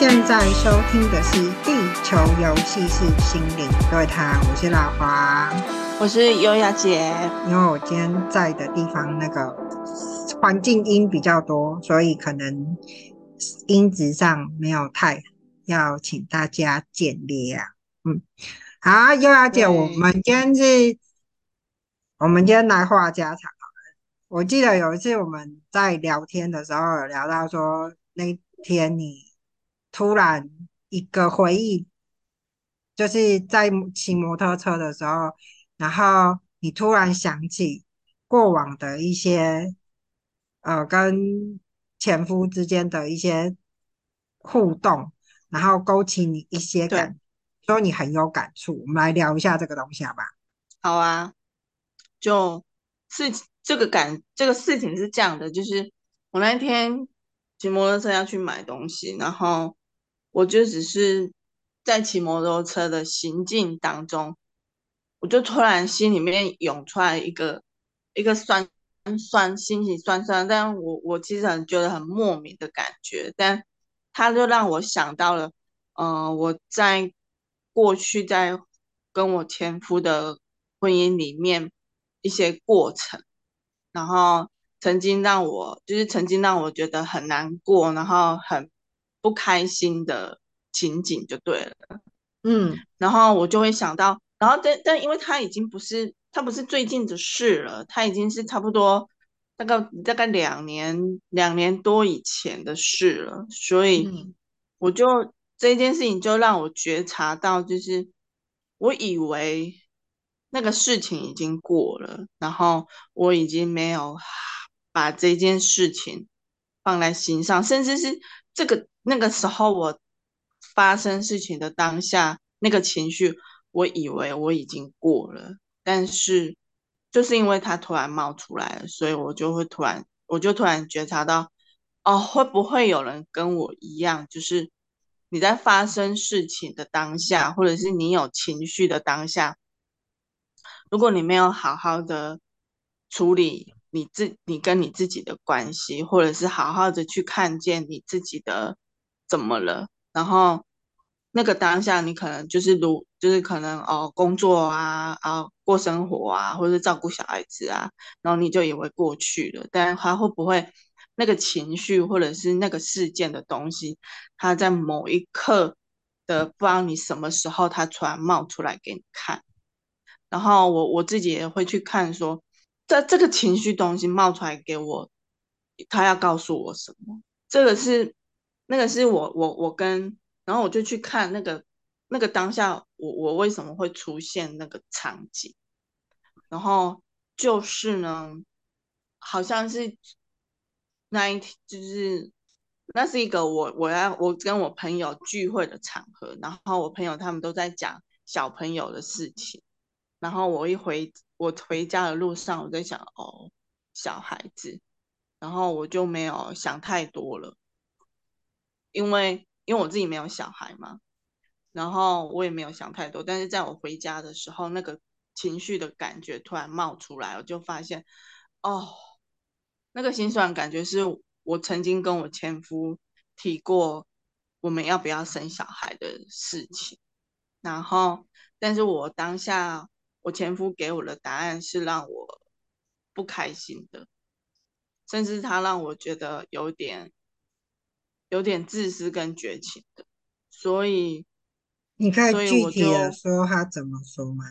現在收聽的是《地球遊戲是心靈》，各位好，我是老黃，我是優雅姐。因為我今天在的地方那個環境音比較多，所以可能音質上沒有太要請大家見諒、啊。嗯，好，優雅姐，對我們今天是，我們今天來話家常。我記得有一次我們在聊天的時候有聊到說，那天你。突然一個回憶，就是在騎摩托車的時候，然後你突然想起過往的一些，呃，跟前夫之間的一些互動，然後勾起你一些感，對說你很有感觸。我們來聊一下這個東西好嗎？好啊，就是這個感，這個事情是這樣的，就是我那天騎摩托車要去買東西，然後。我就只是在騎摩托車的行進當中，我就突然心裡面湧出來一個一個酸酸心情酸酸，但我我其實很覺得很莫名的感覺，但他就讓我想到了，嗯、呃，我在過去在跟我前夫的婚姻裡面一些過程，然後曾經讓我就是曾經讓我覺得很難過，然後很不開心的情景就對了，嗯，然後我就會想到，然後但但因為他已經不是他不是最近的事了，他已經是差不多大概大概兩年兩年多以前的事了，所以我就、嗯、這件事情就讓我覺察到，就是我以為那個事情已經過了，然後我已經沒有把這件事情放在心上，甚至是。這個那個時候我發生事情的當下，那個情緒，我以為我已經過了，但是就是因為它突然冒出來了，所以我就會突然，我就突然覺察到，哦，會不會有人跟我一樣，就是你在發生事情的當下，或者是你有情緒的當下，如果你沒有好好的處理。你自你跟你自己的關係，或者是好好的去看見你自己的怎麼了，然後那個當下你可能就是如就是可能哦工作啊、啊、哦、過生活啊，或者是照顧小孩子啊，然後你就以為過去了，但是他會不會那個情緒或者是那個事件的東西，他在某一刻的不知道你什麼時候他突然冒出來給你看，然後我我自己也會去看說。這這個情緒東西冒出來給我，他要告訴我什麼？這個是那個是我我我跟，然後我就去看那個那個當下我我為什麼會出現那個場景，然後就是呢，好像是那一就是那是一個我我要我跟我朋友聚會的場合，然後我朋友他們都在講小朋友的事情。然後我一回，我回家的路上，我在想哦，小孩子，然後我就沒有想太多了，因為因為我自己沒有小孩嘛，然後我也沒有想太多。但是在我回家的時候，那個情緒的感覺突然冒出來，我就發現哦，那個心酸感覺是我曾經跟我前夫提過我們要不要生小孩的事情，然後，但是我當下。我前夫給我的答案是讓我不開心的，甚至他讓我覺得有點、有點自私跟絕情的。所以，你看，所以我就，具體來說他怎麼說嗎？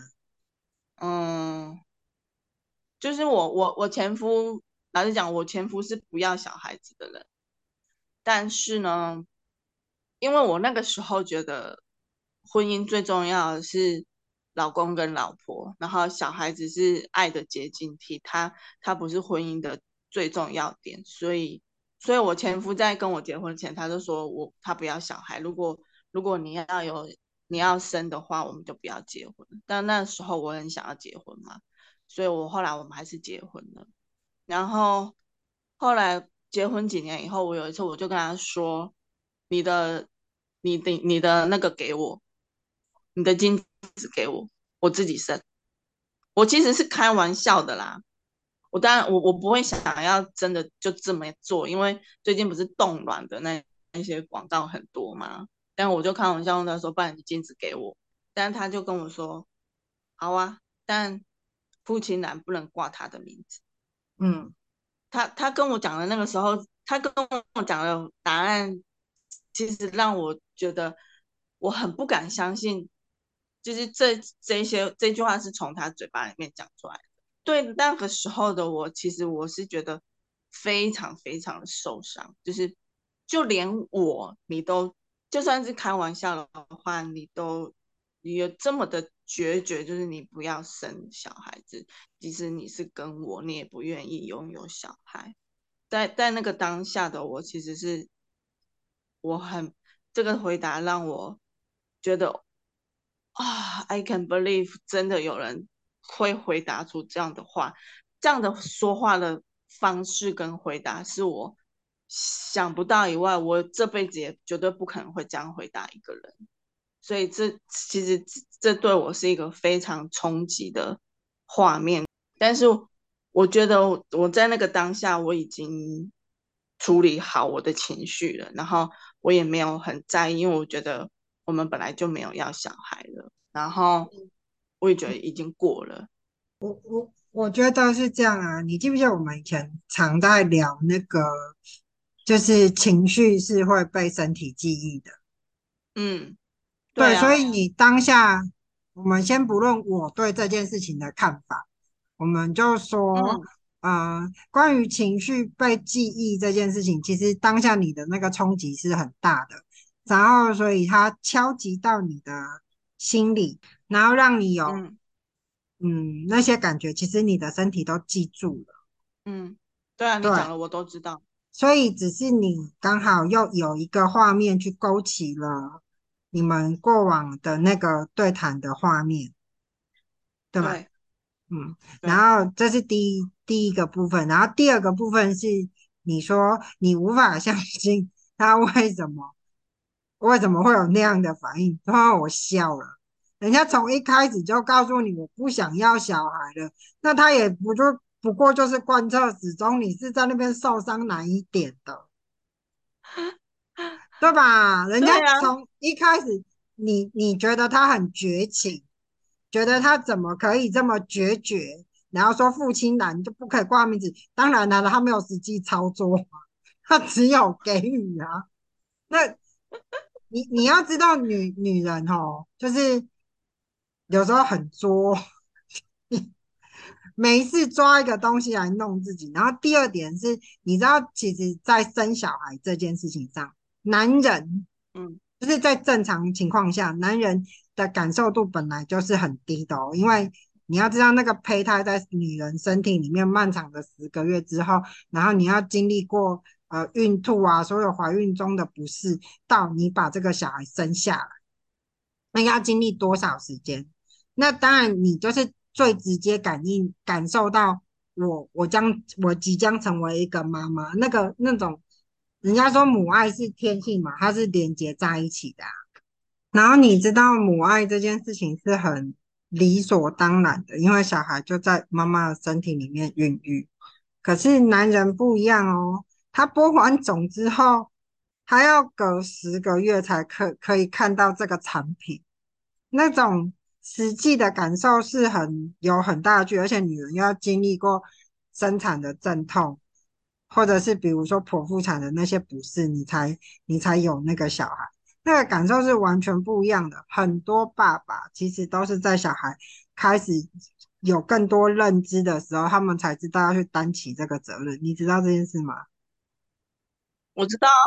嗯，就是我、我、我前夫，老實講，我前夫是不要小孩子的人，但是呢，因為我那個時候覺得婚姻最重要的是。老公跟老婆，然後小孩子是愛的結晶體，他他不是婚姻的最重要點，所以所以我前夫在跟我結婚前，他就說我他不要小孩，如果如果你要有你要生的話，我們就不要結婚。但那時候我很想要結婚嘛，所以我後來我們還是結婚了。然後後來結婚幾年以後，我有一次我就跟他說，你的你的你的那個給我。你的精子給我，我自己生。我其實是開玩笑的啦。我當然，我我不會想要真的就這麼做，因為最近不是凍卵的那那些廣告很多嘛。但我就開玩笑跟他說，把你的精子給我。但他就跟我說，好啊，但父親欄不能掛他的名字。嗯，他他跟我講的那個時候，他跟我講的答案，其實讓我覺得我很不敢相信。就是這這些這句話是從他嘴巴裡面講出來的。對，那個時候的我，其實我是覺得非常非常受傷。就是就連我，你都就算是開玩笑的話，你都你有這麼的決絕，就是你不要生小孩子。即使你是跟我，你也不願意擁有小孩。在在那個當下的我，其實是我很這個回答讓我覺得。啊、oh,！I can believe，真的有人會回答出這樣的話，這樣的說話的方式跟回答是我想不到以外，我這輩子也絕對不可能會這樣回答一個人。所以這其實這對我是一個非常衝擊的畫面。但是我覺得我在那個當下我已經處理好我的情緒了，然後我也沒有很在意，因為我覺得。我們本來就沒有要小孩了，然後我也覺得已經過了。我我我覺得是這樣啊。你記不記得我們以前常在聊那個，就是情緒是會被身體記憶的。嗯，對啊。對。所以你當下，我們先不論我對這件事情的看法，我們就說，啊。嗯。呃，關於情緒被記憶這件事情，其實當下你的那個衝擊是很大的。然後，所以它敲擊到你的心裡，然後讓你有，嗯，嗯，那些感覺，其實你的身體都記住了。嗯，對啊，對，你講了我都知道。所以，只是你剛好又有一個畫面去勾起了你們過往的那個對談的畫面，對，對，嗯，對，然後這是第一第一個部分，然後第二個部分是你說你無法相信他為什麼。為什麼會有那樣的反應？突、哦、然我笑了。人家從一開始就告訴你，我不想要小孩了。那他也不就不過就是貫徹始終，你是在那邊受傷難一點的， 對吧？人家從一開始你，你你覺得他很絕情，覺得他怎麼可以這麼決絕？然後說父親難你就不可以掛名字。當然難了，他沒有實際操作，他只有給予啊，那。 你你要知道女，女女人哦，就是有時候很作，每一次抓一個東西來弄自己。然後第二點是，你知道，其實，在生小孩這件事情上，男人，嗯，就是在正常情況下，男人的感受度本來就是很低的，因為你要知道，那個胚胎在女人身體裡面漫長的十個月之後，然後你要經歷過。呃，孕吐啊，所有懷孕中的不適，到你把這個小孩生下來，那要經歷多少時間？那當然，你就是最直接感應感受到我，我將我即將成為一個媽媽，那個那種人家說母愛是天性嘛，它是連接在一起的啊。然後你知道母愛這件事情是很理所當然的，因為小孩就在媽媽的身體裡面孕育。可是男人不一樣哦。他播完種之後，還要隔十個月才可可以看到這個產品。那種實際的感受是很有很大的距，而且女人要經歷過生產的陣痛，或者是比如說剖腹產的那些不適，你才你才有那個小孩。那個感受是完全不一樣的。很多爸爸其實都是在小孩開始有更多認知的時候，他們才知道要去擔起這個責任。你知道這件事嗎？我知道、啊，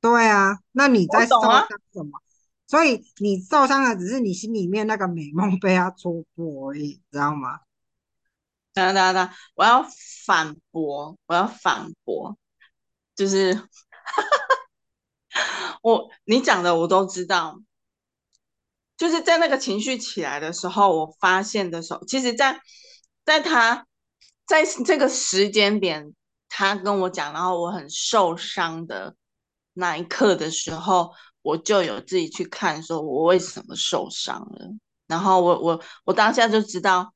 對啊，那你在受傷什麼？啊、所以你受傷的只是你心裡面那個美夢被他戳破而已，知道嗎？噠噠噠！我要反駁，我要反駁，就是 我你講的我都知道，就是在那個情緒起來的時候，我發現的時候，其實在，在在他在這個時間點。他跟我講，然後我很受傷的那一刻的時候，我就有自己去看，說我為什麼受傷了。然後我我我當下就知道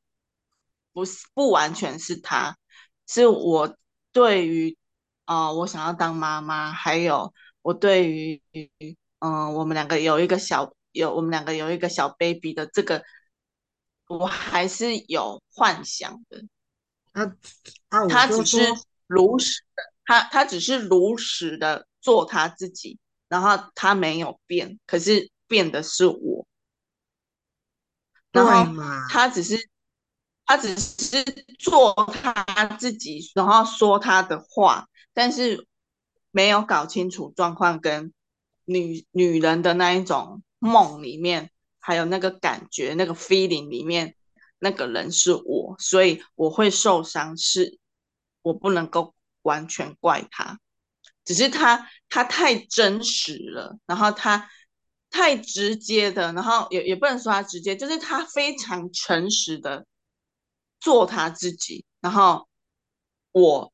不，不是不完全是他，是我對於啊、呃，我想要當媽媽，還有我對於嗯、呃，我們兩個有一個小有我們兩個有一個小 baby 的這個，我還是有幻想的。他、啊啊、他只是。如實的，他他只是如實的做他自己，然後他沒有變，可是變的是我。然後他只是他只是做他自己，然後說他的話，但是沒有搞清楚狀況跟女女人的那一種夢裡面，還有那個感覺、那個 feeling 裡面，那個人是我，所以我會受傷，是。我不能夠完全怪他，只是他他太真實了，然後他太直接的，然後也也不能說他直接，就是他非常誠實的做他自己，然後我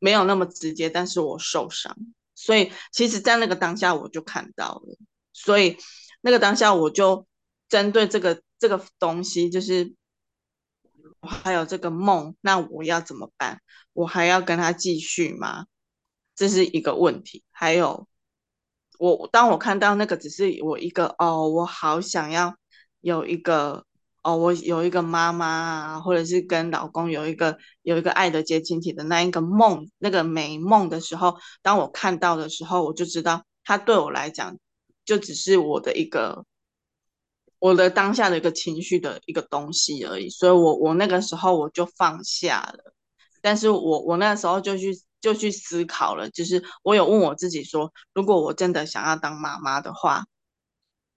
沒有那麼直接，但是我受傷，所以其實在那個當下我就看到了，所以那個當下我就針對這個這個東西就是。還有這個夢，那我要怎麼辦？我還要跟他繼續嗎？這是一個問題。還有，我當我看到那個只是我一個哦，我好想要有一個哦，我有一個媽媽啊，或者是跟老公有一個有一個愛的結晶體的那一個夢，那個美夢的時候，當我看到的時候，我就知道他對我來講，就只是我的一個。我的當下的一個情緒的一個東西而已，所以我我那個時候我就放下了，但是我我那個時候就去就去思考了，就是我有問我自己說，如果我真的想要當媽媽的話，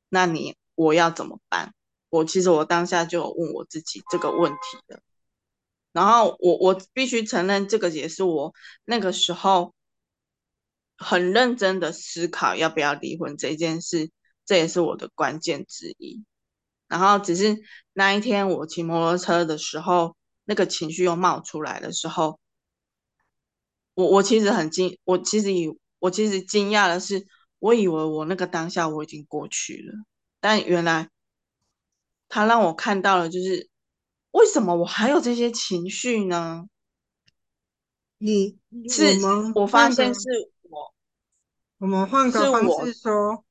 那你我要怎麼辦？我其實我當下就有問我自己這個問題的，然後我我必須承認，這個也是我那個時候很認真的思考要不要離婚這件事，這也是我的關鍵之一。然後，只是那一天我騎摩托車的時候，那個情緒又冒出來的時候，我我其實很驚，我其實以我其實驚訝的是，我以為我那個當下我已經過去了，但原來他讓我看到了，就是為什麼我還有這些情緒呢？你，你，是？你我發現是我。我們換個方式說。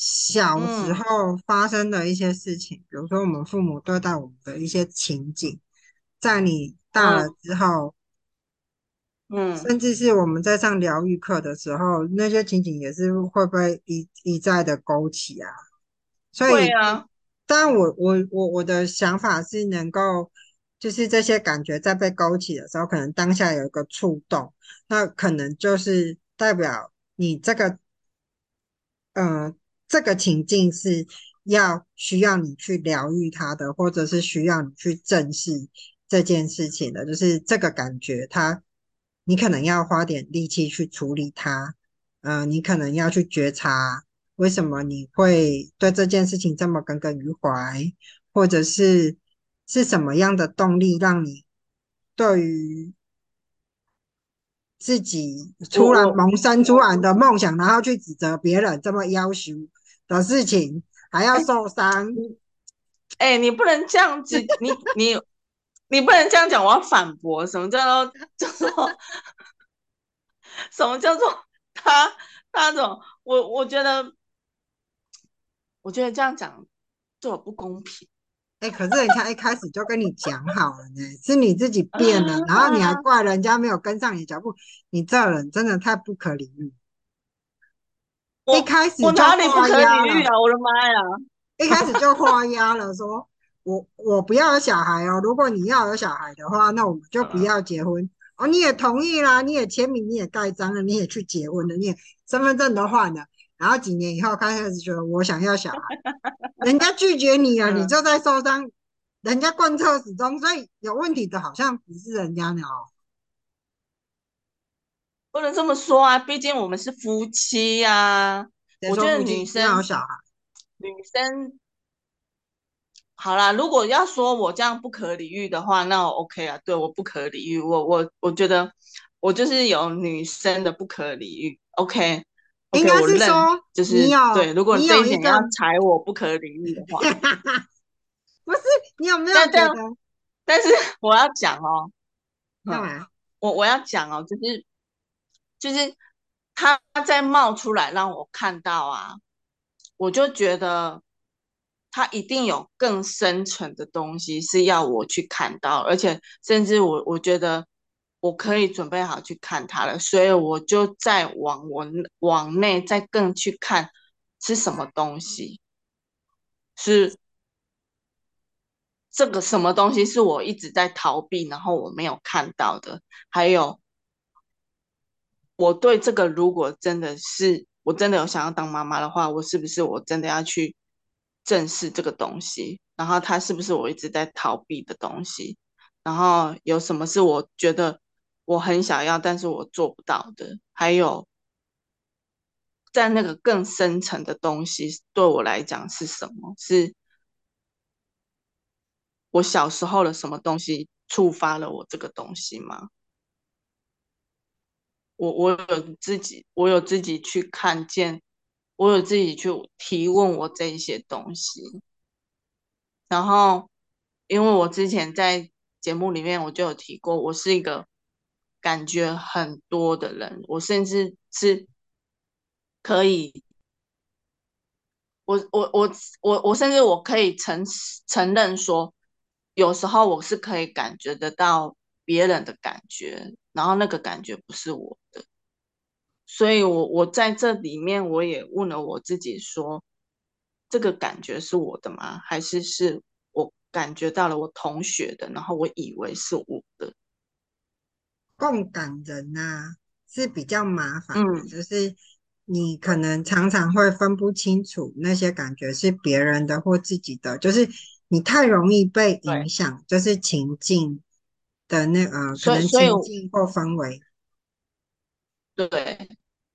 小時候發生的一些事情，嗯、比如說我們父母對待我們的一些情景，在你大了之後，嗯，嗯甚至是我們在上療癒課的時候，那些情景也是會不會一一再的勾起啊。所以對啊，但我我我我的想法是能，能夠就是這些感覺在被勾起的時候，可能當下有一個觸動，那可能就是代表你這個，嗯、呃。這個情境，是要需要你去療癒他的，或者是需要你去正視這件事情的，就是這個感覺它，他你可能要花點力氣去處理它，嗯、呃，你可能要去覺察為什麼你會對這件事情這麼耿耿於懷，或者是是什麼樣的動力讓你對於自己突然萌生出來的夢想，哦、然後去指責別人這麼要求。的事情還要受傷，哎、欸欸，你不能這樣子， 你你你不能這樣講，我要反駁。什麼叫做叫做什,什麼叫做他那種？我我覺得，我覺得這樣講對我不公平。哎、欸，可是人家一開始就跟你講好了呢， 是你自己變了，然後你還怪人家沒有跟上你的腳步，你這人真的太不可理喻。我一開始就畫押了。我，啊、我的媽呀！一開始就畫押了，說：“ 我我不要有小孩哦。如果你要有小孩的話，那我們就不要結婚，啊、哦。”你也同意啦，你也簽名，你也蓋章了，你也去結婚了，你也身份證都換了。然後幾年以後，開始覺得我想要小孩， 人家拒絕你啊，你就在受傷。啊、人家貫徹始終，所以有問題的好像不是人家的哦。不能這麼說啊，畢竟我們是夫妻呀、啊。我覺得女生，小孩女生，好啦，如果要說我這樣不可理喻的話，那我 OK 啊。對我不可理喻，我我我覺得我就是有女生的不可理喻。OK，OK 應該是說就是有對，如果你這要踩我不可理喻的話， 不是你有沒有對？但是我要講哦，嗯、幹嘛、啊？我我要講哦，就是。就是他在冒出來讓我看到啊，我就覺得他一定有更深層的東西是要我去看到的，而且甚至我我覺得我可以準備好去看他了，所以我就再往我往內再更去看是什麼東西，是這個什麼東西是我一直在逃避，然後我沒有看到的，還有。我對這個，如果真的是我真的有想要當媽媽的話，我是不是我真的要去正視這個東西？然後它是不是我一直在逃避的東西？然後有什麼是我覺得我很想要，但是我做不到的？還有，在那個更深層的東西，對我來講是什麼？是，我小時候的什麼東西觸發了我這個東西嗎？我我有自己，我有自己去看見，我有自己去提問我這些東西。然後，因為我之前在節目裡面我就有提過，我是一個感覺很多的人，我甚至是可以，我我我我我甚至我可以承承認說，有時候我是可以感覺得到別人的感覺。然後那個感覺不是我的，所以我我在這裡面我也問了我自己說，這個感覺是我的嗎？還是是我感覺到了我同學的，然後我以為是我的。共感人啊是比較麻煩，嗯，就是你可能常常會分不清楚那些感覺是別人的或自己的，就是你太容易被影響，對就是情境。的那個、呃、可能進過範圍，對，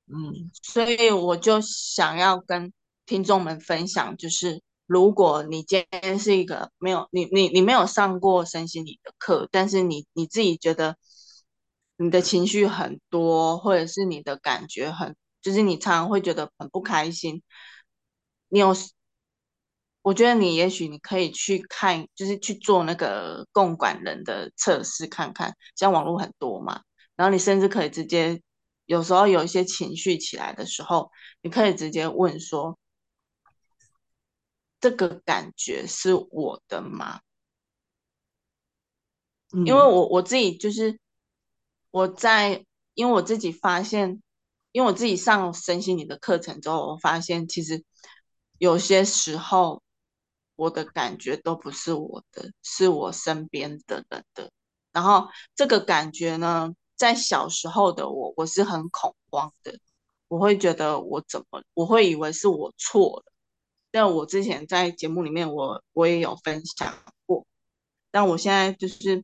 嗯，所以我就想要跟聽眾們分享，就是如果你今天是一個沒有你你你沒有上過身心理的課，但是你你自己覺得你的情緒很多，或者是你的感覺很，就是你常常會覺得很不開心，你有。我覺得你也許你可以去看，就是去做那個共管人的測試看看，像網絡很多嘛。然後你甚至可以直接，有時候有一些情緒起來的時候，你可以直接問說：“這個感覺是我的嗎？”因為我我自己就是我在，因為我自己發現，因為我自己上身心靈的課程之後，我發現其實有些時候。我的感覺都不是我的，是我身邊的人的。然後這個感覺呢，在小時候的我，我是很恐慌的，我會覺得我怎麼，我會以為是我錯了。但我之前在節目裡面我，我我也有分享過。但我現在就是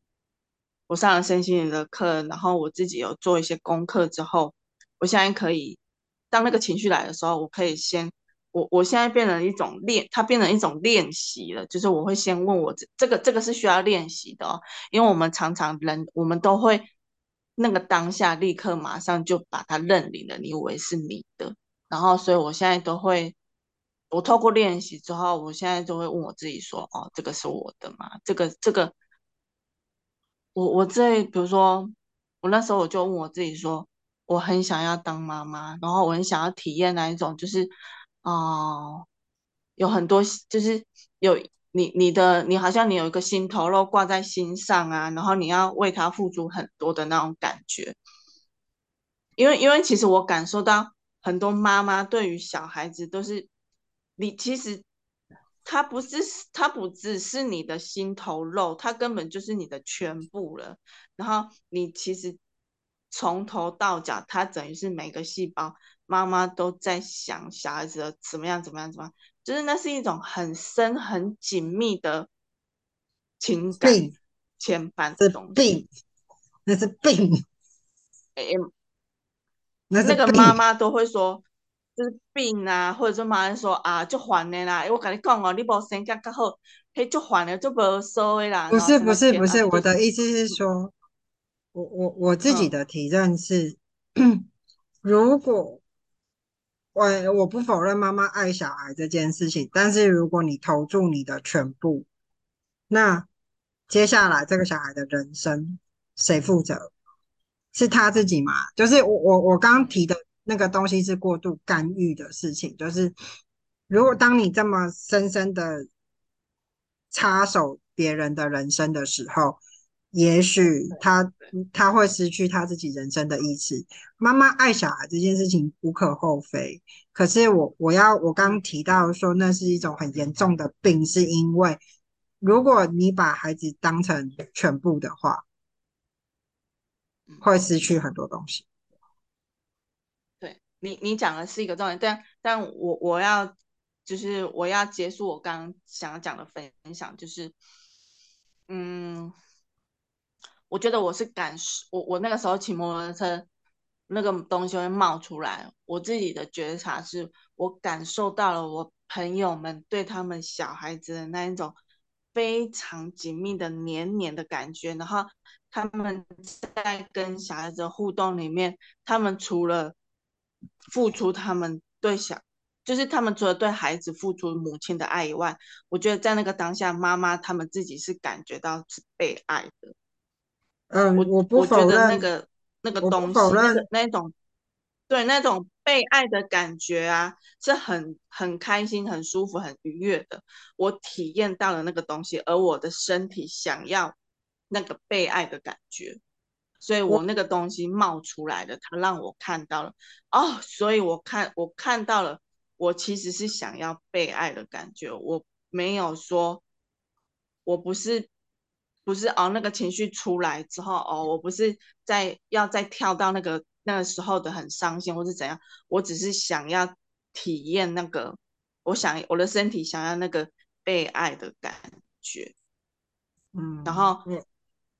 我上了身心靈的課，然後我自己有做一些功課之後，我現在可以，當那個情緒來的時候，我可以先。我我現在變成一種練，它變成一種練習了。就是我會先問我，這這個這個是需要練習的哦，因為我們常常人我們都會那個當下立刻馬上就把它認領了，你以為是你的。然後所以我現在都會，我透過練習之後，我現在就會問我自己說，哦，這個是我的嘛？這個這個，我我在，比如說，我那時候我就問我自己說，我很想要當媽媽，然後我很想要體驗那一種就是。哦，oh, 有很多就是有你你的你，好像你有一個心頭肉掛在心上啊，然後你要為他付出很多的那種感覺。因為因為其實我感受到很多媽媽對於小孩子都是，你其實他不是他不只是你的心頭肉，他根本就是你的全部了。然後你其實從頭到腳，他等於是每個細胞。媽媽都在想小孩子怎麼樣，怎麼樣，怎麼樣，就是那是一種很深、很緊密的情感。病，牽絆這種病，那是病。哎、欸，那那個媽媽都會說，就是病啊，或者就媽媽說啊，就煩了啦。我跟你講哦、啊，你無性格較好，嘿，就煩了就無所謂啦。啊、不是，不是，不是，啊就是、我的意思是說，我我我自己的體驗是，嗯、如果。我我不否認媽媽愛小孩這件事情，但是如果你投注你的全部，那接下來這個小孩的人生誰負責？是他自己嗎？就是我我我剛提的那個東西是過度干預的事情，就是如果當你這麼深深的插手別人的人生的時候。也許他他會失去他自己人生的意識。媽媽愛小孩這件事情無可厚非，可是我我要我剛提到說，那是一種很嚴重的病，是因為如果你把孩子當成全部的話，會失去很多東西。對，你你講的是一個重點，但但我我要就是我要結束我剛想要講的分享，就是嗯。我覺得我是感受，我我那個時候騎摩托車，那個東西會冒出來。我自己的覺察是，我感受到了我朋友們對他們小孩子的那一種非常緊密的黏黏的感覺。然後他們在跟小孩子的互動裡面，他們除了付出他們對小，就是他們除了對孩子付出母親的愛以外，我覺得在那個當下，媽媽他們自己是感覺到是被愛的。嗯，我不否認，我我覺得那個那個東西，那個、那種對那種被愛的感覺啊，是很很開心、很舒服、很愉悅的。我體驗到了那個東西，而我的身體想要那個被愛的感覺，所以我那個東西冒出來的，我它讓我看到了哦，所以我看我看到了，我其實是想要被愛的感覺，我沒有說我不是。不是哦，那個情緒出來之後哦，我不是在要再跳到那個那個時候的很傷心，或是怎樣？我只是想要體驗那個，我想我的身體想要那個被愛的感覺，嗯，然後、嗯、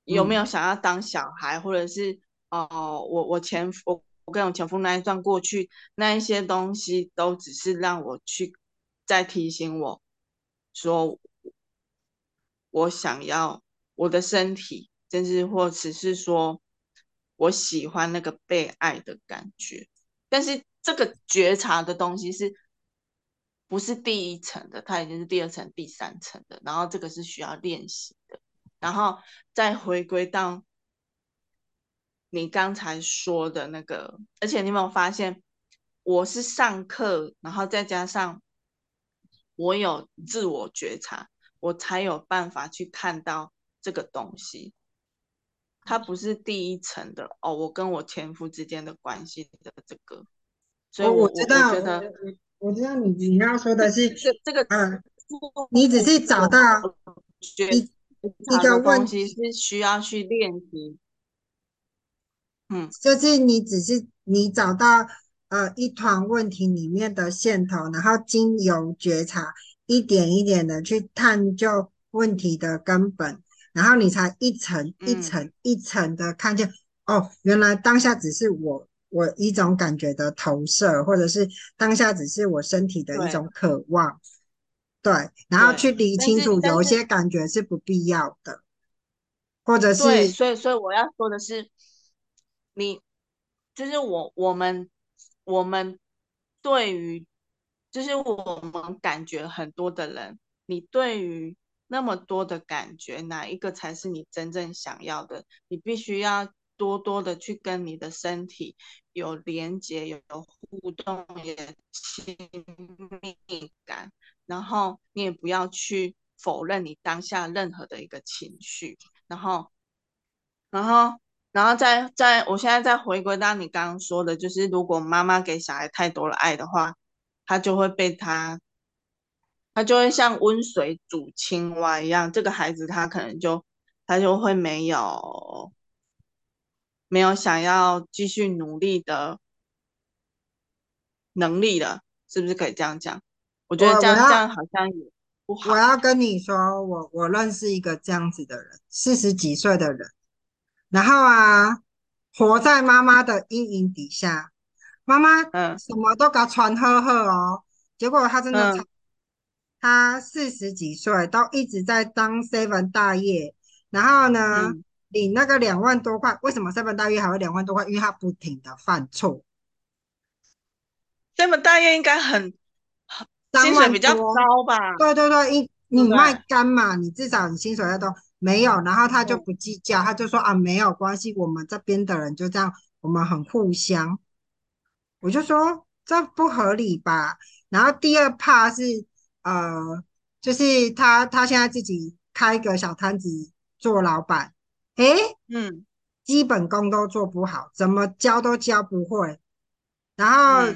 有沒有想要當小孩，或者是哦，我我前夫，我跟我前夫那一段過去那一些東西，都只是讓我去再提醒我，說我想要。我的身體，甚至或者是說，我喜歡那個被愛的感覺，但是這個覺察的東西是不是第一層的？它已經是第二層、第三層的，然後這個是需要練習的。然後再回歸到你剛才說的那個，而且你有沒有發現，我是上課，然後再加上我有自我覺察，我才有辦法去看到。這個東西，它不是第一層的哦。我跟我前夫之間的關係的這個，所以我、哦、我知道我，我知道你、你要說的是這這、這個嗯，呃這個、你只是找到覺一一個問題是需要去練習，嗯，就是你只是你找到呃一團問題裡面的線頭，然後經由覺察一點一點的去探究問題的根本。然後你才一層一層一層的看見，嗯、哦，原來當下只是我我一種感覺的投射，或者是當下只是我身體的一種渴望，對，對，然後去理清楚，有些感覺是不必要的，對或者是，是是所以所以我要說的是，你就是我我們我們對於，就是我們感覺很多的人，你對於。那麼多的感覺，哪一個才是你真正想要的？你必須要多多的去跟你的身體有連接、有互動、有親密感，然後你也不要去否認你當下任何的一個情緒。然後，然後，然後再再我現在再回歸到你剛剛說的，就是如果媽媽給小孩太多了愛的話，他就會被他。他就會像溫水煮青蛙一樣，這個孩子他可能就他就會沒有沒有想要繼續努力的能力了，是不是可以這樣講？我覺得這樣，這樣好像也不好。我要跟你說，我我認識一個這樣子的人，四十幾歲的人，然後啊，活在媽媽的陰影底下，媽媽什麼都敢穿呵呵哦，嗯、結果他真的、嗯。他四十幾歲，都一直在當 seven 大夜，然後呢，領、嗯、那個兩萬多塊。為什麼 seven 大夜還有兩萬多塊？因為他不停的犯錯。seven 大夜應該很薪水比較高吧？對對對，因你賣肝嘛？對對對，你至少你薪水要多。沒有，然後他就不計較，對他就說啊，沒有關係，我們這邊的人就這樣，我們很互相。我就說這不合理吧。然後第二 part 是。呃，就是他，他現在自己開一個小攤子做老闆，誒、欸，嗯，基本功都做不好，怎麼教都教不會，然後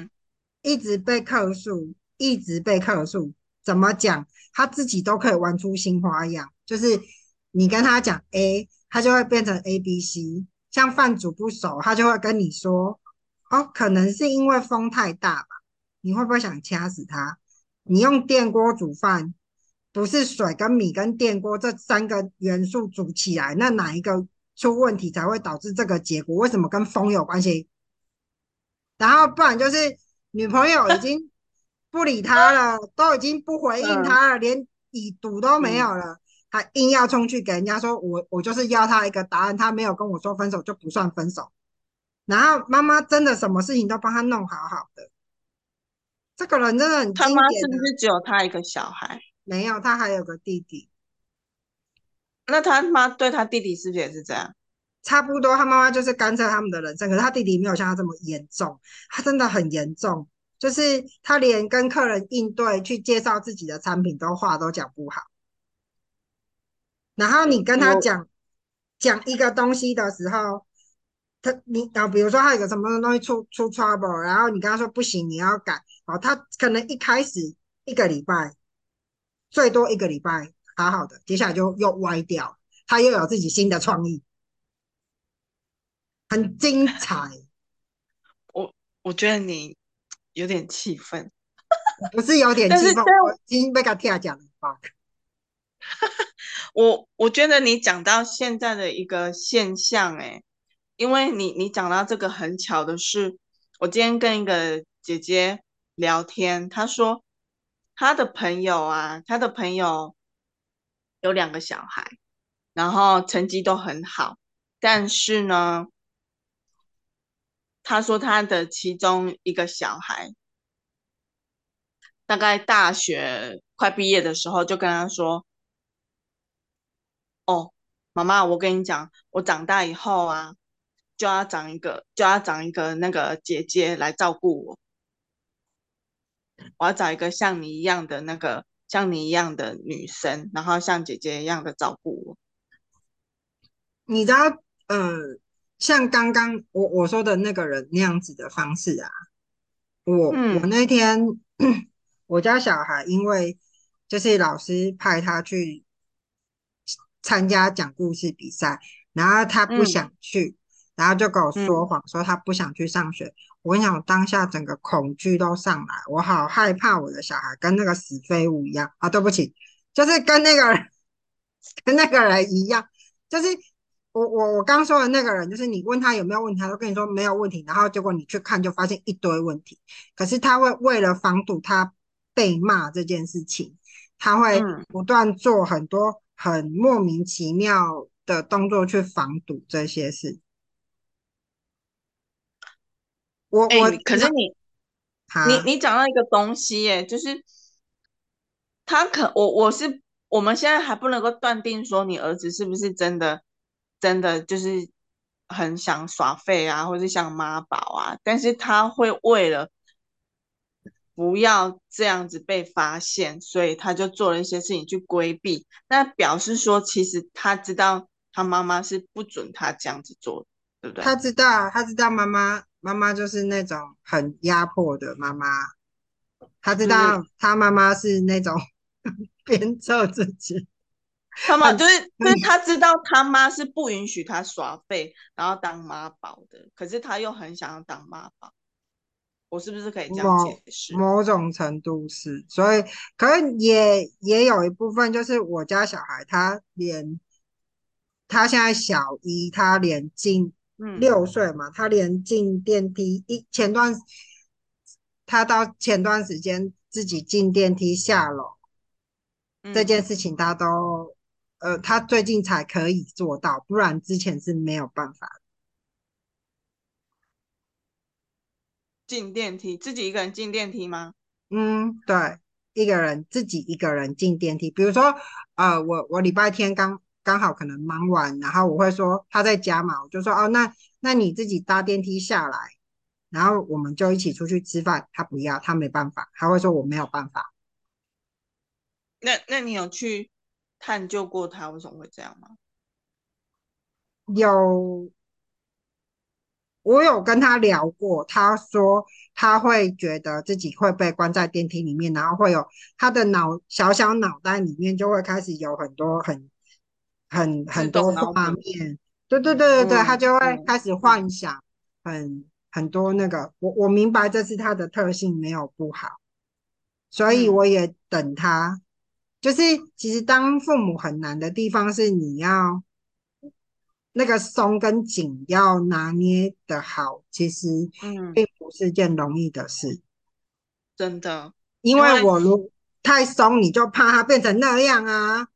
一直被客訴，嗯、一直被客訴，怎麼講他自己都可以玩出新花樣，就是你跟他講 A，他就會變成 A B C，像飯煮不熟，他就會跟你說，哦，可能是因為風太大吧，你會不會想掐死他？你用電鍋煮飯，不是水跟米跟電鍋這三個元素煮起來，那哪一個出問題才會導致這個結果？為什麼跟風有關係？然後不然就是女朋友已經不理他了， 都已經不回應他了， 連已讀都沒有了，他、嗯、硬要衝去給人家說，我我就是要他一個答案，他沒有跟我說分手就不算分手。然後媽媽真的什麼事情都幫他弄好好的。這個人真的很、啊、他媽是不是只有他一個小孩？沒有，他還有個弟弟。那他媽對他弟弟是不是也是這樣？差不多，他媽媽就是干涉他們的人生。可是他弟弟沒有像他這麼嚴重，他真的很嚴重，就是他連跟客人應對、去介紹自己的產品都話都講不好。然後你跟他講我講一個東西的時候。他你然後比如說他有個什麼東西出出 trouble，然後你跟他說不行，你要改。然後他可能一開始一個禮拜，最多一個禮拜好好的，接下來就又歪掉，他又有自己新的創意，很精彩。 我我覺得你有點氣憤，我 是有點氣憤 我已經被他聽講的話。 我我覺得你講到現在的一個現象、欸，哎。因為你你講到這個很巧的是，我今天跟一個姐姐聊天，她說她的朋友啊，她的朋友有兩個小孩，然後成績都很好，但是呢，她說她的其中一個小孩大概大學快畢業的時候就跟她說：“哦，媽媽，我跟你講，我長大以後啊。”就要找一個就要找一個那個姐姐來照顧我，我要找一個像你一樣的那個像你一樣的女生，然後像姐姐一樣的照顧我。你知道，呃，像剛剛我我說的那個人那樣子的方式啊，我、嗯、我那天我家小孩因為就是老師派他去參加講故事比賽，然後他不想去，嗯。然後就跟我說謊，嗯，說他不想去上學。我跟你講，當下整個恐懼都上來，我好害怕我的小孩跟那個死廢物一樣。啊，對不起，就是跟那個人跟那個人一樣，就是我我我剛說的那個人，就是你問他有沒有問題，他都跟你說沒有問題，然後結果你去看就發現一堆問題。可是他會為了防堵他被罵這件事情，他會不斷做很多很莫名其妙的動作去防堵這些事。我，欸、我可是你，他你你講到一個東西、欸，哎，就是他可我我是我們現在還不能夠斷定說你兒子是不是真的真的就是很想耍廢啊，或者想媽寶啊，但是他會為了不要這樣子被發現，所以他就做了一些事情去規避，那表示說其實他知道他媽媽是不准他這樣子做，對不對？他知道，他知道媽媽。媽媽媽媽就是那種很壓迫的媽媽，他知道他媽媽是那種、嗯、鞭策自己，他媽就是就是他知道他媽是不允許他耍廢，然後當媽寶的，可是他又很想要當媽寶。我是不是可以這樣解釋？某種程度是，所以可是也也有一部分就是我家小孩他連他現在小姨他連進。六歲嘛，他連進電梯一前段，他到前段時間自己進電梯下樓、嗯、這件事情，他都呃，他最近才可以做到，不然之前是沒有辦法。進電梯，自己一個人進電梯嗎？嗯，對，一個人，自己一個人進電梯，比如說啊、呃，我我禮拜天剛。剛好可能忙完，然後我會說他在家嘛，我就說，哦，那那你自己搭電梯下來，然後我們就一起出去吃飯。他不要，他沒辦法，他會說我沒有辦法。那那你有去探究過他為什麼會這樣嗎？有，我有跟他聊過，他說他會覺得自己會被關在電梯裡面，然後會有他的腦小小腦袋裡面就會開始有很多很。很很多畫面，對對對對對，嗯、他就會開始幻想很，很、嗯、很多那個，我我明白這是他的特性，沒有不好，所以我也等他。嗯、就是其實當父母很難的地方是你要那個鬆跟緊要拿捏得好，其實並不是件容易的事，嗯、真的。因為我如果太鬆，你就怕他變成那樣啊。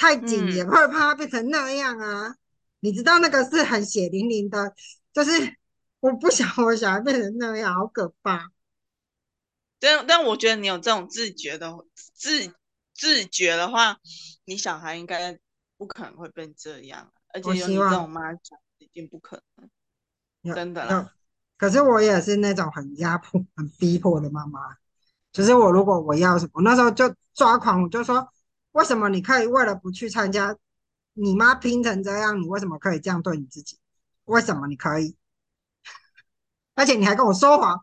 太緊也不會怕他變成那樣啊！嗯、你知道那個是很血淋淋的，就是我不想我小孩變成那樣，好可怕。但但我覺得你有這種自覺的自自覺的話，你小孩應該不可能會變這樣，而且希望有望我媽講，已經不可能，真的。可是我也是那種很壓迫、很逼迫的媽媽。其、就是我如果我要什麼，我那時候就抓狂，我就說。為什麼你可以為了不去參加，你媽拼成這樣，你為什麼可以這樣對你自己？為什麼你可以？而且你還跟我說謊。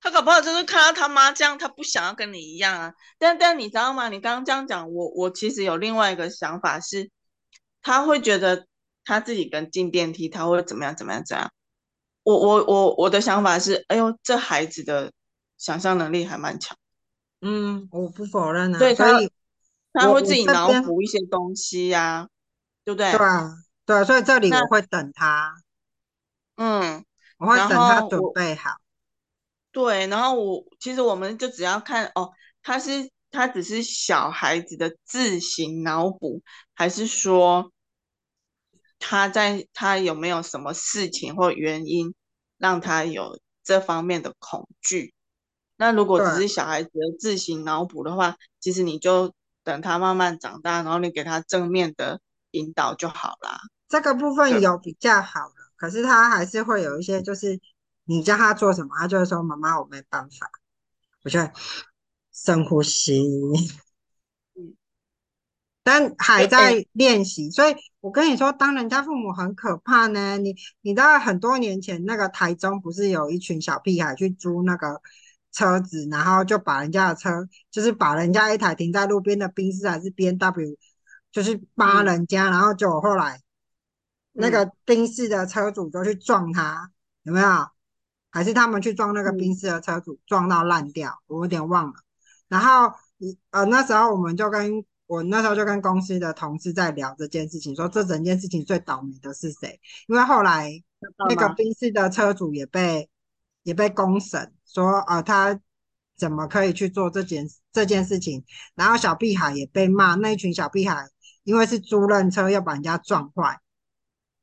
他搞不好就是看到他媽這樣，他不想要跟你一樣啊。但但你知道嗎？你剛剛這樣講，我我其實有另外一個想法是，他會覺得他自己跟進電梯，他會怎麼樣怎麼樣怎樣。我我我我的想法是，哎呦，這孩子的想象能力還蠻強。嗯，我不否認啊，對，所以他，他會自己腦補一些東西呀、啊，對不對？對、啊，對、啊，所以這裡我會等他，嗯，我會等他準備好。對，然後我其實我們就只要看哦，他是他只是小孩子的自行腦補，還是說他在他有沒有什麼事情或原因讓他有這方面的恐懼？那如果只是小孩子自行腦補的話，對其實你就等他慢慢長大，然後你給他正面的引導就好啦。這個部分有比較好的，是可是他還是會有一些，就是你叫他做什麼，他就會說媽媽，我沒辦法。我就深呼吸，嗯，但還在練習。哎哎所以我跟你說，當人家父母很可怕呢。你你知道很多年前，那個台中不是有一群小屁孩去租那個？車子，然後就把人家的車，就是把人家一台停在路邊的賓士還是 BMW，就是扒人家，嗯、然後就我後來、嗯、那個賓士的車主就去撞他，有沒有？還是他們去撞那個賓士的車主，嗯、撞到爛掉？我有點忘了。然後呃，那時候我們就跟我那時候就跟公司的同事在聊這件事情，說這整件事情最倒霉的是誰？因為後來那個賓士的車主也被。也被公審說，呃，他怎麼可以去做這件這件事情？然後小屁孩也被罵，那一群小屁孩因為是租人車，要把人家撞壞，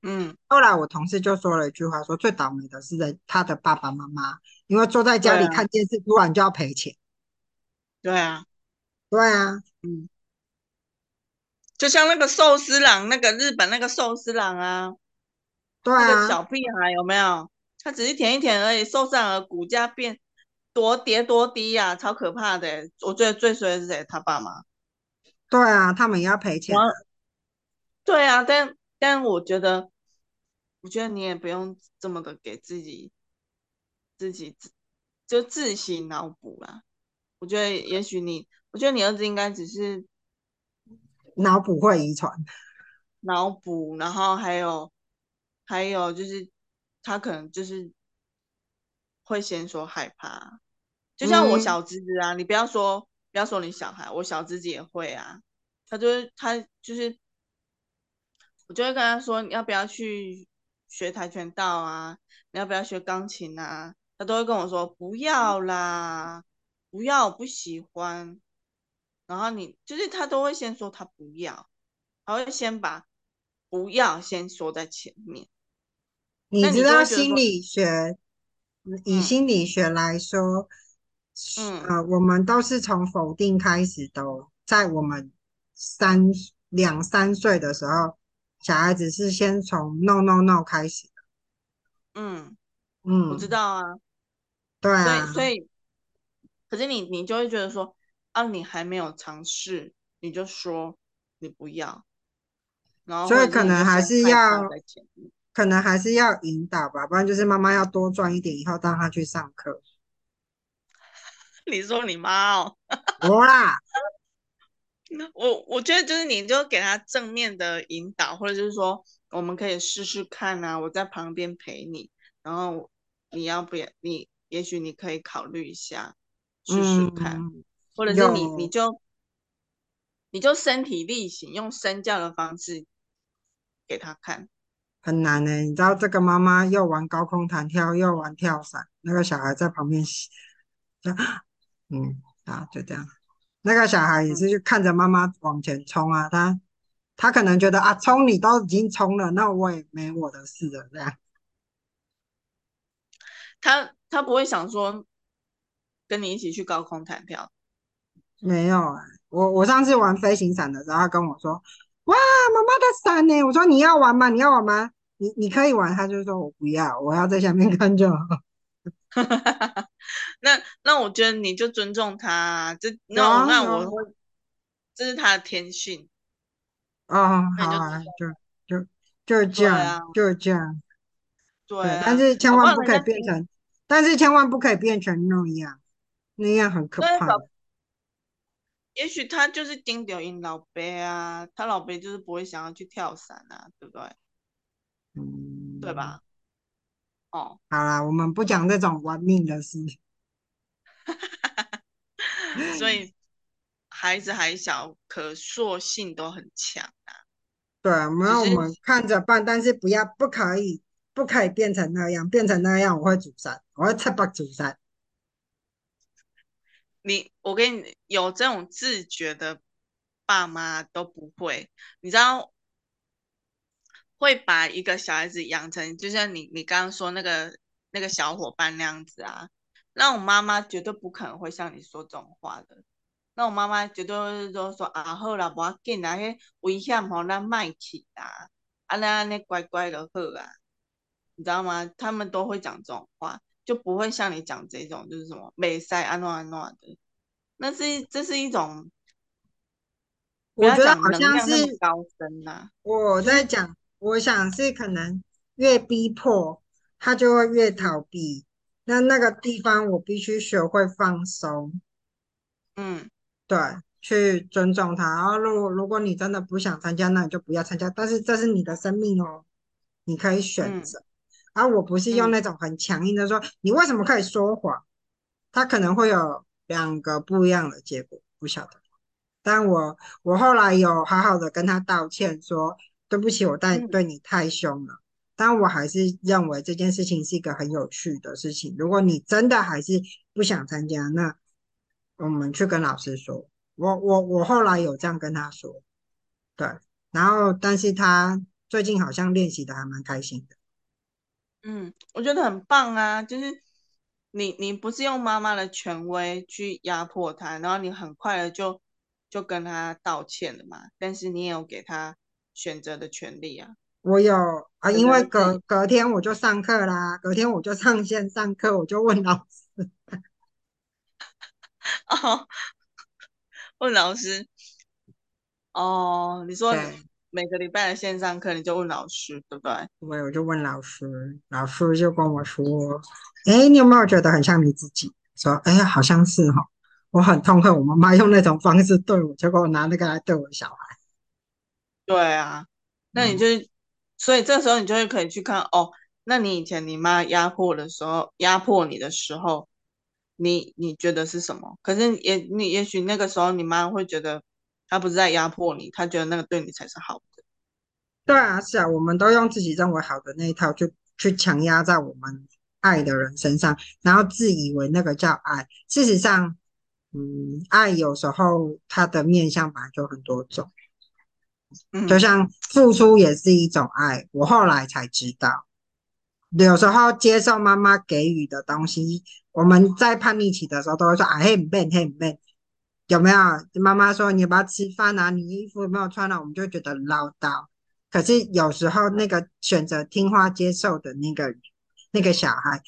嗯。後來我同事就說了一句話說，說最倒霉的是人他的爸爸媽媽，因為坐在家裡看電視，啊、突然就要賠錢。對啊，對啊，嗯。就像那個壽司郎，那個日本那個壽司郎啊，對啊，小屁孩有沒有？他只是舔一舔而已，受傷了，股價變多跌多低呀？啊，超可怕的。我覺得最衰的是誰？他爸媽。對啊，他們也要賠錢。對啊，但但我覺得，我覺得你也不用這麼的給自己，自己自就自行腦補啦。我覺得也許你，我覺得你兒子應該只是腦補會遺傳，腦補，然後還有還有就是。他可能就是會先說害怕，就像我小侄子啊，嗯、你不要說不要說你小孩，我小侄子也會啊。他就是他就是，我就會跟他說，你要不要去學跆拳道啊？你要不要學鋼琴啊？他都會跟我說不要啦，不要，我不喜歡。然後你就是他都會先說他不要，他會先把不要先說在前面。你知道心理學，以心理學來說，嗯、呃，我們都是從否定開始的，嗯、在我們三兩三歲的時候，小孩子是先從 no, no no no 開始的。嗯嗯，嗯我知道啊。對啊。所以所以，可是你你就會覺得說啊，你還沒有嘗試，你就說你不要，然後所以可能還是要。可能還是要引導吧，不然就是媽媽要多賺一點，以後帶她去上課。你說你媽哦，哇，我啦，我我覺得就是你就給他正面的引導，或者就是說我們可以試試看啊，我在旁邊陪你，然後你要不要？你也許你可以考慮一下，試試看，嗯、或者是你有你就你就身體力行，用身教的方式給他看。很難呢。欸，你知道這個媽媽又玩高空彈跳，又玩跳傘，那個小孩在旁邊，嗯，啊，就這樣，那個小孩也是就看着媽媽往前衝啊，他他可能覺得啊，衝你都已經衝了，那我也沒我的事了這樣，他他不會想說跟你一起去高空彈跳，沒有啊。欸，我我上次玩飛行傘的時候，他跟我說，哇，媽媽的傘呢欸？我說你要玩嗎？你要玩嗎？你你可以玩，他就說我不要，我要在下面看就好。就 那那我覺得你就尊重他、啊，這，那、哦、那我，我這是他的天性。哦，好、啊，就就就這樣就就這樣。對，但是千萬不可以變成，是但是千萬不可以變成那樣，那樣很可怕。也許他就是聽屌音老伯啊，他老伯就是不會想要去跳傘啊，對不對？對吧？哦，好啦，我們不講這種玩命的事， 所以孩子還小，可塑性都很強啊。對啊，就是，我們看着辦，但是不要不可以，不可以變成那樣，變成那樣我會阻塞，我會拆白阻塞。你，我跟你有這種自覺的爸媽都不會，你知道？會把一個小孩子養成，就像你你剛剛說那個那個小夥伴那樣子啊，那我媽媽絕對不可能會像你說這種話的。那我媽媽絕對說啊好啦，無要緊啦，迄危險吼咱莫去啦，啊那安乖乖就好啦。你知道嗎？他們都會講這種話，就不會像你講這種就是什麼沒塞啊那啊那的，那是這是一種，啊、我覺得好像是高深吶。我在講。我想是可能越逼迫他就會越逃避。那那個地方我必須學會放鬆。嗯，對，去尊重他。然後，如果如果你真的不想參加，那你就不要參加。但是這是你的生命哦，你可以選擇。而、嗯、我不是用那種很強硬的說，嗯、你為什麼可以說謊？他可能會有兩個不一樣的結果，不曉得。但我我後來有好好的跟他道歉說。對不起，我太對你太兇了，嗯，但我還是認為這件事情是一個很有趣的事情。如果你真的還是不想參加，那我們去跟老師說。我我我後來有這樣跟他說，對，然後但是他最近好像練習的還蠻開心的。嗯，我覺得很棒啊，就是你你不是用媽媽的權威去壓迫他，然後你很快的就就跟他道歉了嘛。但是你也有給他，選擇的權利啊，我有啊，因為隔隔天我就上課啦，隔天我就上線上課，我就問老師，哦，問老師，哦，你說每個禮拜的線上課你就問老師，對不對？對吧，我就問老師，老師就跟我說，哎、欸，你有沒有覺得很像你自己？說，哎、欸，好像是哈，我很痛恨我媽媽用那種方式對我，結果我拿那個來對我小孩。對啊，那你就，嗯，所以這時候你就會可以去看哦。那你以前你媽壓迫的時候，壓迫你的時候，你你覺得是什麼？可是也你也許那個時候你媽會覺得，她不是在壓迫你，她覺得那個對你才是好的。對啊，是啊，我們都用自己認為好的那一套去去強壓在我們愛的人身上，然後自以為那個叫愛。事實上，嗯，愛有時候它的面相本來就很多種。就像付出也是一種愛，我後來才知道，有時候接受媽媽給予的東西，我們在叛逆期的時候都會說啊黑不悶黑不悶，有沒有？媽媽說你有沒有吃飯啊，你衣服有沒有穿啊，我們就覺得嘮叨。可是有時候那個選擇聽話接受的那個那個小孩，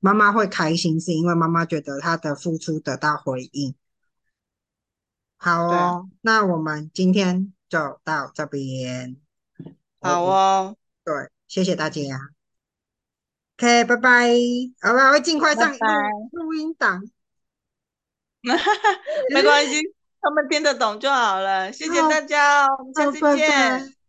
媽媽會開心，是因為媽媽覺得她的付出得到回應。好哦，對那我們今天。走到這邊，好哦，okay, 對，謝謝大家，OK，拜拜，我我們會盡快上錄音檔，哈哈，沒關係係， 他們聽得懂就好了。 謝謝大家、哦，我們好下次見。Oh, bye bye